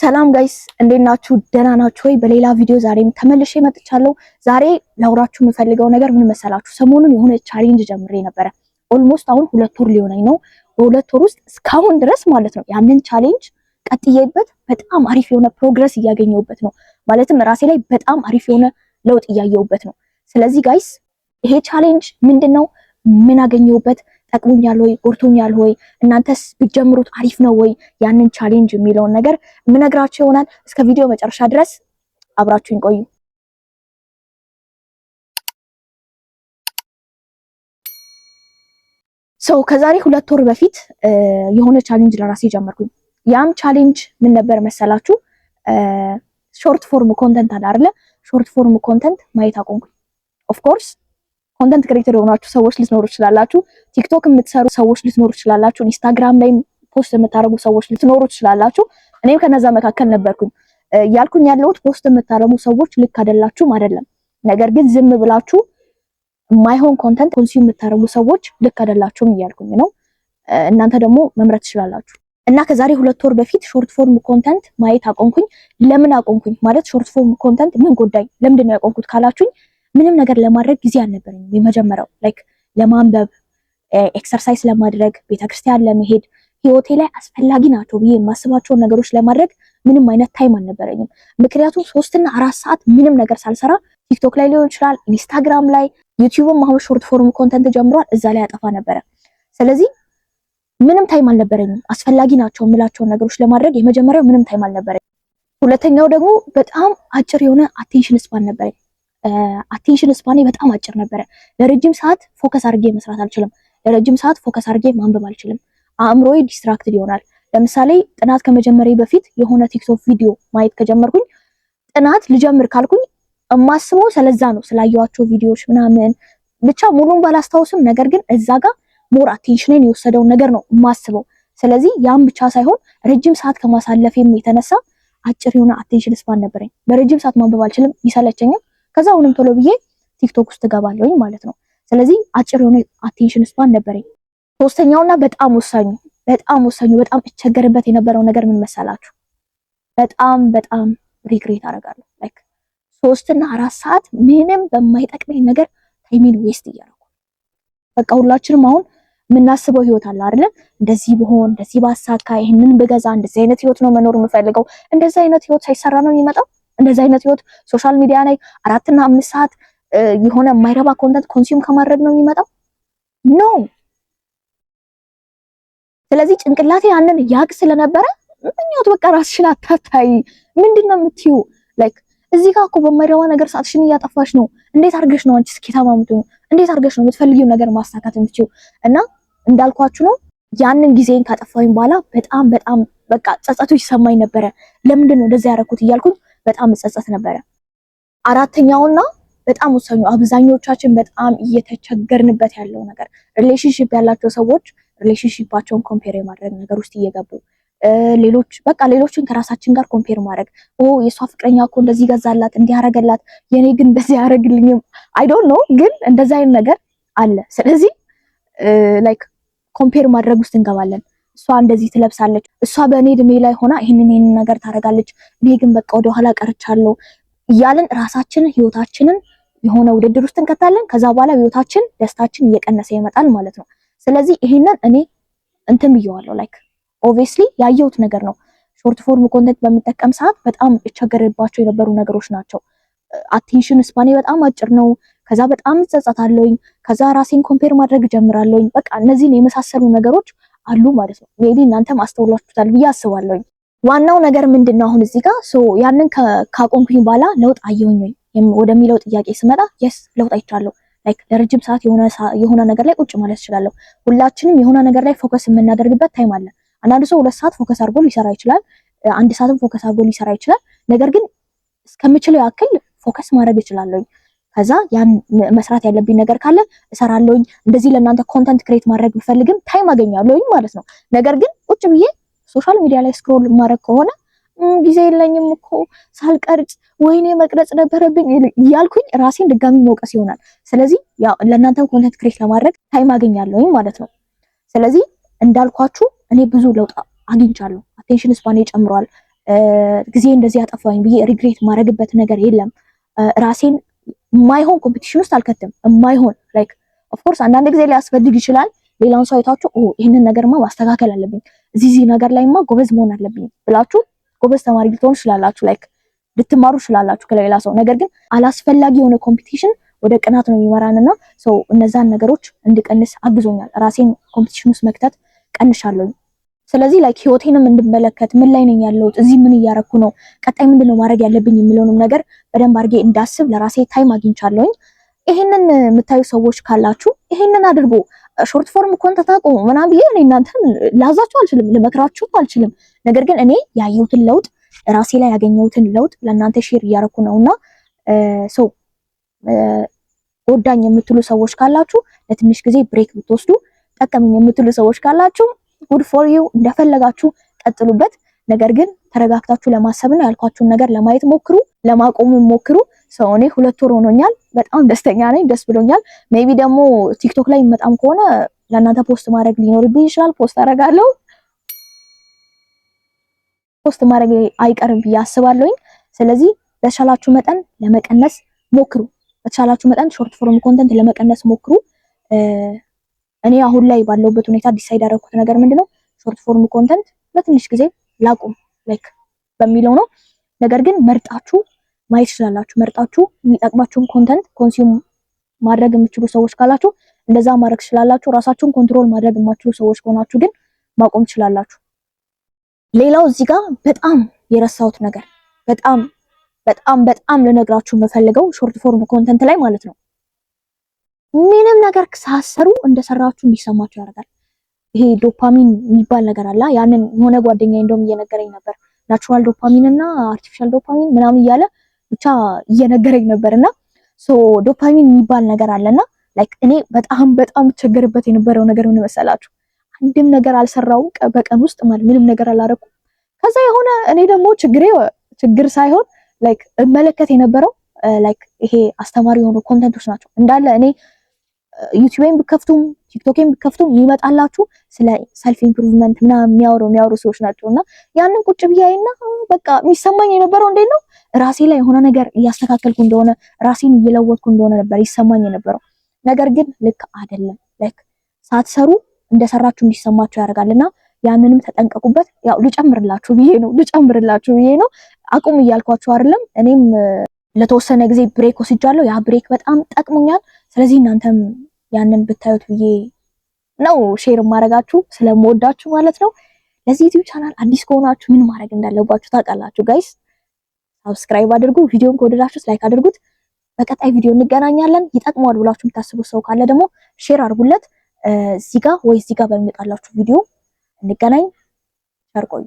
ሰላም ጋይስ እንዴት ናችሁ? ደህና ናችሁ ወይ? በሌላ ቪዲዮ ዛሬም ተመልሼ መጥቻለሁ። ዛሬ ላውራችሁ የምፈልገው ነገር ምን መሰላችሁ? ሰሞኑን የሆነ ቻሌንጅ ጀምሬ ነበረ። ኦልሞስት አሁን ሁለት ወር ሊሆነኝ ነው። በሁለት ወር ውስጥ እስካሁን ድረስ ማለት ነው ያንን ቻሌንጅ ቀጥዬበት በጣም አሪፍ የሆነ ፕሮግረስ እያገኘሁበት ነው። ማለትም ራሴ ላይ በጣም አሪፍ የሆነ ለውጥ እያየሁበት ነው። ስለዚህ ጋይስ ይሄ ቻሌንጅ ምንድን ነው? ምን አገኘሁበት? ጠቅሞኛል ወይ ጎርቶኛል ወይ እናንተስ ብትጀምሩት አሪፍ ነው ወይ ያንን ቻሌንጅ የሚለውን ነገር የምነግራችሁ ይሆናል። እስከ ቪዲዮ መጨረሻ ድረስ አብራችሁኝ ቆዩ። ሰው ከዛሬ ሁለት ወር በፊት የሆነ ቻሌንጅ ለራሴ ጀመርኩኝ። ያም ቻሌንጅ ምን ነበር መሰላችሁ? ሾርት ፎርም ኮንተንት አለ አይደለ? ሾርት ፎርም ኮንተንት ማየት አቆምኩኝ። ኦፍ ኮርስ ኮንተንት ክሬተር የሆናችሁ ሰዎች ልትኖሩ ትችላላችሁ። ቲክቶክ የምትሰሩ ሰዎች ልትኖሩ ትችላላችሁ። ኢንስታግራም ላይ ፖስት የምታደረጉ ሰዎች ልትኖሩ ትችላላችሁ። እኔም ከነዛ መካከል ነበርኩኝ። ያልኩኝ ያለሁት ፖስት የምታደረጉ ሰዎች ልክ አይደላችሁም አይደለም፣ ነገር ግን ዝም ብላችሁ የማይሆን ኮንተንት ኮንሱም የምታደረጉ ሰዎች ልክ አይደላችሁም እያልኩኝ ነው። እናንተ ደግሞ መምረት ትችላላችሁ። እና ከዛሬ ሁለት ወር በፊት ሾርት ፎርም ኮንተንት ማየት አቆንኩኝ ለምን አቆንኩኝ ማለት ሾርት ፎርም ኮንተንት ምን ጎዳኝ? ለምንድን ነው ያቆምኩት ካላችሁኝ ምንም ነገር ለማድረግ ጊዜ አልነበረኝም። የመጀመሪያው ላይክ ለማንበብ፣ ኤክሰርሳይዝ ለማድረግ፣ ቤተክርስቲያን ለመሄድ ህይወቴ ላይ አስፈላጊ ናቸው ብዬ የማስባቸውን ነገሮች ለማድረግ ምንም አይነት ታይም አልነበረኝም። ምክንያቱም ሶስትና አራት ሰዓት ምንም ነገር ሳልሰራ ቲክቶክ ላይ ሊሆን ይችላል፣ ኢንስታግራም ላይ፣ ዩቲዩብም አሁን ሾርት ፎርም ኮንተንት ጀምሯል፣ እዛ ላይ አጠፋ ነበረ። ስለዚህ ምንም ታይም አልነበረኝም። አስፈላጊ ናቸው የምላቸውን ነገሮች ለማድረግ የመጀመሪያው ምንም ታይም አልነበረኝም። ሁለተኛው ደግሞ በጣም አጭር የሆነ አቴንሽን ስፓን ነበረኝ። አቴንሽን ስፓኔ በጣም አጭር ነበረ። ለረጅም ሰዓት ፎከስ አድርጌ መስራት አልችልም። ለረጅም ሰዓት ፎከስ አድርጌ ማንበብ አልችልም። አእምሮዬ ዲስትራክትድ ይሆናል። ለምሳሌ ጥናት ከመጀመሬ በፊት የሆነ ቲክቶክ ቪዲዮ ማየት ከጀመርኩኝ ጥናት ልጀምር ካልኩኝ የማስበው ስለዛ ነው፣ ስላየዋቸው ቪዲዮዎች ምናምን ብቻ ሙሉን ባላስታውስም፣ ነገር ግን እዛ ጋር ሞር አቴንሽንን የወሰደውን ነገር ነው የማስበው። ስለዚህ ያም ብቻ ሳይሆን ረጅም ሰዓት ከማሳለፍም የተነሳ አጭር የሆነ አቴንሽን ስፓን ነበረኝ። ለረጅም ሰዓት ማንበብ አልችልም፣ ይሰለቸኝም። ከዛ አሁንም ቶሎ ብዬ ቲክቶክ ውስጥ እገባለሁኝ ማለት ነው። ስለዚህ አጭር የሆነ አቴንሽን ስፓን ነበረኝ። ሶስተኛውና በጣም ወሳኙ በጣም ወሳኙ በጣም እቸገርበት የነበረው ነገር ምን መሰላችሁ? በጣም በጣም ሪግሬት አደርጋለሁ። ላይክ ሶስትና አራት ሰዓት ምንም በማይጠቅመኝ ነገር ታይሜን ዌስት እያደረኩ በቃ ሁላችንም አሁን የምናስበው ህይወት አለ አይደለ? እንደዚህ ብሆን፣ እንደዚህ ባሳካ፣ ይህንን ብገዛ፣ እንደዚህ አይነት ህይወት ነው መኖር የምፈልገው። እንደዚህ አይነት ህይወት ሳይሰራ ነው የሚመጣው እንደዚህ አይነት ህይወት ሶሻል ሚዲያ ላይ አራትና አምስት ሰዓት የሆነ የማይረባ ኮንተንት ኮንሱም ከማድረግ ነው የሚመጣው ኖ። ስለዚህ ጭንቅላቴ ያንን ያቅ ስለነበረ ምኞት በቃ ራስሽን አታታይ። ምንድን ነው የምትዩ? ላይክ እዚህ ጋር እኮ በማይረባ ነገር ሰዓትሽን እያጠፋሽ ነው። እንዴት አድርገሽ ነው አንቺ ስኬታማ የምትሆኚው? እንዴት አድርገሽ ነው የምትፈልጊው ነገር ማሳካት የምትዩ እና እንዳልኳችሁ ነው ያንን ጊዜን ካጠፋሁኝ በኋላ በጣም በጣም በቃ ጸጸቱ ይሰማኝ ነበረ። ለምንድን ነው እንደዚህ ያደረኩት እያልኩኝ በጣም እጸጸት ነበረ። አራተኛውና በጣም ወሳኙ አብዛኞቻችን በጣም እየተቸገርንበት ያለው ነገር ሪሌሽንሽፕ ያላቸው ሰዎች ሪሌሽንሽፓቸውን ኮምፔር የማድረግ ነገር ውስጥ እየገቡ ሌሎች በቃ ሌሎችን ከራሳችን ጋር ኮምፔር ማድረግ ኦ የእሷ ፍቅረኛ እኮ እንደዚህ ገዛላት እንዲያረገላት የኔ ግን እንደዚህ ያደረግልኝም አይ ዶንት ኖ ግን እንደዚህ አይነት ነገር አለ። ስለዚህ ላይክ ኮምፔር ማድረግ ውስጥ እንገባለን። እሷ እንደዚህ ትለብሳለች፣ እሷ በእኔ እድሜ ላይ ሆና ይህንን ይህንን ነገር ታደርጋለች፣ እኔ ግን በቃ ወደኋላ ቀርቻለሁ እያልን ራሳችንን ህይወታችንን የሆነ ውድድር ውስጥ እንከታለን። ከዛ በኋላ ህይወታችን ደስታችን እየቀነሰ ይመጣል ማለት ነው። ስለዚህ ይሄንን እኔ እንትን ብየዋለሁ። ላይክ ኦብቪየስሊ ያየሁት ነገር ነው። ሾርት ፎርም ኮንተንት በሚጠቀም ሰዓት በጣም እቸገርባቸው የነበሩ ነገሮች ናቸው። አቴንሽን ስፓኔ በጣም አጭር ነው። ከዛ በጣም እጸጸታለሁኝ። ከዛ ራሴን ኮምፔር ማድረግ ጀምራለሁኝ። በቃ እነዚህን የመሳሰሉ ነገሮች አሉ ማለት ነው። ሜቢ እናንተም አስተውሏችሁታል ብዬ አስባለሁ። ዋናው ነገር ምንድን ነው አሁን እዚህ ጋር ሶ ያንን ካቆምኩኝ በኋላ ለውጥ አየሁኝ ወደሚለው ጥያቄ ስመጣ የስ ለውጥ አይቻለሁ። ላይክ ለረጅም ሰዓት የሆነ ነገር ላይ ቁጭ ማለት እችላለሁ። ሁላችንም የሆነ ነገር ላይ ፎከስ የምናደርግበት ታይም አለ። አንዳንድ ሰው ሁለት ሰዓት ፎከስ አድርጎ ሊሰራ ይችላል። አንድ ሰዓትም ፎከስ አድርጎ ሊሰራ ይችላል። ነገር ግን እስከምችለው ያክል ፎከስ ማድረግ እችላለሁ። ከዛ ያን መስራት ያለብኝ ነገር ካለ እሰራለሁኝ። እንደዚህ ለእናንተ ኮንተንት ክሬት ማድረግ ብፈልግም ታይም አገኛለሁኝ ማለት ነው። ነገር ግን ቁጭ ብዬ ሶሻል ሚዲያ ላይ ስክሮል ማድረግ ከሆነ ጊዜ የለኝም እኮ ሳልቀርጭ ወይኔ መቅረጽ ነበረብኝ እያልኩኝ ራሴን ድጋሚ መውቀስ ይሆናል። ስለዚህ ለእናንተ ኮንተንት ክሬት ለማድረግ ታይም አገኛለሁኝ ማለት ነው። ስለዚህ እንዳልኳችሁ እኔ ብዙ ለውጥ አግኝቻለሁ። አቴንሽን ስፓኔ ጨምሯል። ጊዜ እንደዚህ አጠፋኝ ብዬ ሪግሬት ማድረግበት ነገር የለም። ራሴን የማይሆን ኮምፒቲሽን ውስጥ አልከትም። የማይሆን ላይክ ኦፍኮርስ አንዳንድ ጊዜ ሊያስፈልግ ይችላል። ሌላውን ሰው አይታችሁ ይህንን ነገርማ ማስተካከል አለብኝ፣ እዚህ እዚህ ነገር ላይማ ጎበዝ መሆን አለብኝ ብላችሁ ጎበዝ ተማሪ ልትሆኑ ትችላላችሁ፣ ላይክ ልትማሩ ትችላላችሁ ከሌላ ሰው። ነገር ግን አላስፈላጊ የሆነ ኮምፒቲሽን ወደ ቅናት ነው የሚመራንና ሰው እነዛን ነገሮች እንድቀንስ አግዞኛል። ራሴን ኮምፒቲሽን ውስጥ መክተት ቀንሻለሁ። ስለዚህ ላይክ ህይወቴንም እንድመለከት ምን ላይ ነኝ ያለሁት፣ እዚህ ምን እያረኩ ነው፣ ቀጣይ ምንድን ነው ማድረግ ያለብኝ የሚለውንም ነገር በደንብ አድርጌ እንዳስብ ለራሴ ታይም አግኝቻለሁኝ። ይሄንን የምታዩ ሰዎች ካላችሁ ይሄንን አድርጎ ሾርት ፎርም ኮንተንት አቁሙ ምናምን ብዬ እኔ እናንተን ላዛችሁ አልችልም፣ ልመክራችሁ አልችልም። ነገር ግን እኔ ያየሁትን ለውጥ ራሴ ላይ ያገኘሁትን ለውጥ ለእናንተ ሼር እያረኩ ነውና ሰው ወዳኝ የምትሉ ሰዎች ካላችሁ ለትንሽ ጊዜ ብሬክ ብትወስዱ ጠቀመኝ የምትሉ ሰዎች ካላችሁ ጉድ ፎር ዩ እንደፈለጋችሁ ቀጥሉበት። ነገር ግን ተረጋግታችሁ ለማሰብና ያልኳችሁን ነገር ለማየት ሞክሩ፣ ለማቆም ሞክሩ። ሰው እኔ ሁለት ወር ሆኖኛል። በጣም ደስተኛ ነኝ፣ ደስ ብሎኛል። ሜቢ ደግሞ ቲክቶክ ላይ የሚመጣም ከሆነ ለእናንተ ፖስት ማድረግ ሊኖርብኝ ይችላል። ፖስት አደርጋለሁ፣ ፖስት ማድረግ አይቀርም ብዬ አስባለሁኝ። ስለዚህ በተቻላችሁ መጠን ለመቀነስ ሞክሩ። በተቻላችሁ መጠን ሾርት ፎርም ኮንተንት ለመቀነስ ሞክሩ። እኔ አሁን ላይ ባለውበት ሁኔታ ዲሳይድ ያደረኩት ነገር ምንድነው ሾርት ፎርም ኮንተንት ለትንሽ ጊዜ ላቁም ላይክ በሚለው ነው። ነገር ግን መርጣችሁ ማየት ትችላላችሁ። መርጣችሁ የሚጠቅማችሁን ኮንተንት ኮንሱም ማድረግ የምችሉ ሰዎች ካላችሁ እንደዛ ማድረግ ትችላላችሁ። ራሳችሁን ኮንትሮል ማድረግ የማችሉ ሰዎች ከሆናችሁ ግን ማቆም ትችላላችሁ። ሌላው እዚህ ጋር በጣም የረሳሁት ነገር በጣም በጣም በጣም ልነግራችሁ የምፈልገው ሾርት ፎርም ኮንተንት ላይ ማለት ነው ምንም ነገር ሳሰሩ እንደሰራችሁ እንዲሰማችሁ ያደርጋል። ይሄ ዶፓሚን የሚባል ነገር አለ። ያንን የሆነ ጓደኛ እንደውም እየነገረኝ ነበር። ናቹራል ዶፓሚን እና አርቲፊሻል ዶፓሚን ምናምን እያለ ብቻ እየነገረኝ ነበር እና ሶ ዶፓሚን የሚባል ነገር አለና ላይክ እኔ በጣም በጣም ቸገርበት የነበረው ነገር ምን መሰላችሁ? አንድም ነገር አልሰራውም በቀን ውስጥ ማለት ምንም ነገር አላደረኩም። ከዛ የሆነ እኔ ደግሞ ችግሬ ችግር ሳይሆን ላይክ እመለከት የነበረው ላይክ ይሄ አስተማሪ የሆኑ ኮንተንቶች ናቸው እንዳለ እኔ ዩቲዩብን ብከፍቱም ቲክቶክን ብከፍቱም ይመጣላችሁ ስለ ሰልፍ ኢምፕሩቭመንት ምናምን የሚያወሩ የሚያወሩ ሰዎች ናቸው። እና ያንን ቁጭ ብያይና በቃ የሚሰማኝ የነበረው እንዴት ነው ራሴ ላይ የሆነ ነገር እያስተካከልኩ እንደሆነ ራሴን እየለወጥኩ እንደሆነ ነበር ይሰማኝ የነበረው። ነገር ግን ልክ አይደለም። ላይክ ሳትሰሩ እንደሰራችሁ እንዲሰማችሁ እና ያንንም ተጠንቀቁበት። ያው ልጨምርላችሁ ብዬ ነው ልጨምርላችሁ ብዬ ነው አቁም እያልኳችሁ አይደለም። እኔም ለተወሰነ ጊዜ ብሬክ ወስጃለሁ። ያ ብሬክ በጣም ጠቅሞኛል። ስለዚህ እናንተም ያንን ብታዩት ብዬ ነው ሼር ማረጋችሁ ስለምወዳችሁ ማለት ነው። ለዚህ ዩቲዩብ ቻናል አዲስ ከሆናችሁ ምን ማድረግ እንዳለባችሁ ታውቃላችሁ ጋይስ። ሳብስክራይብ አድርጉ፣ ቪዲዮን ከወደዳችሁት ላይክ አድርጉት። በቀጣይ ቪዲዮ እንገናኛለን። ይጠቅመዋል ብላችሁ የምታስቡት ሰው ካለ ደግሞ ሼር አድርጉለት። እዚህ ጋ ወይ እዚህ በሚመጣላችሁ ቪዲዮ እንገናኝ። ቸር ቆዩ።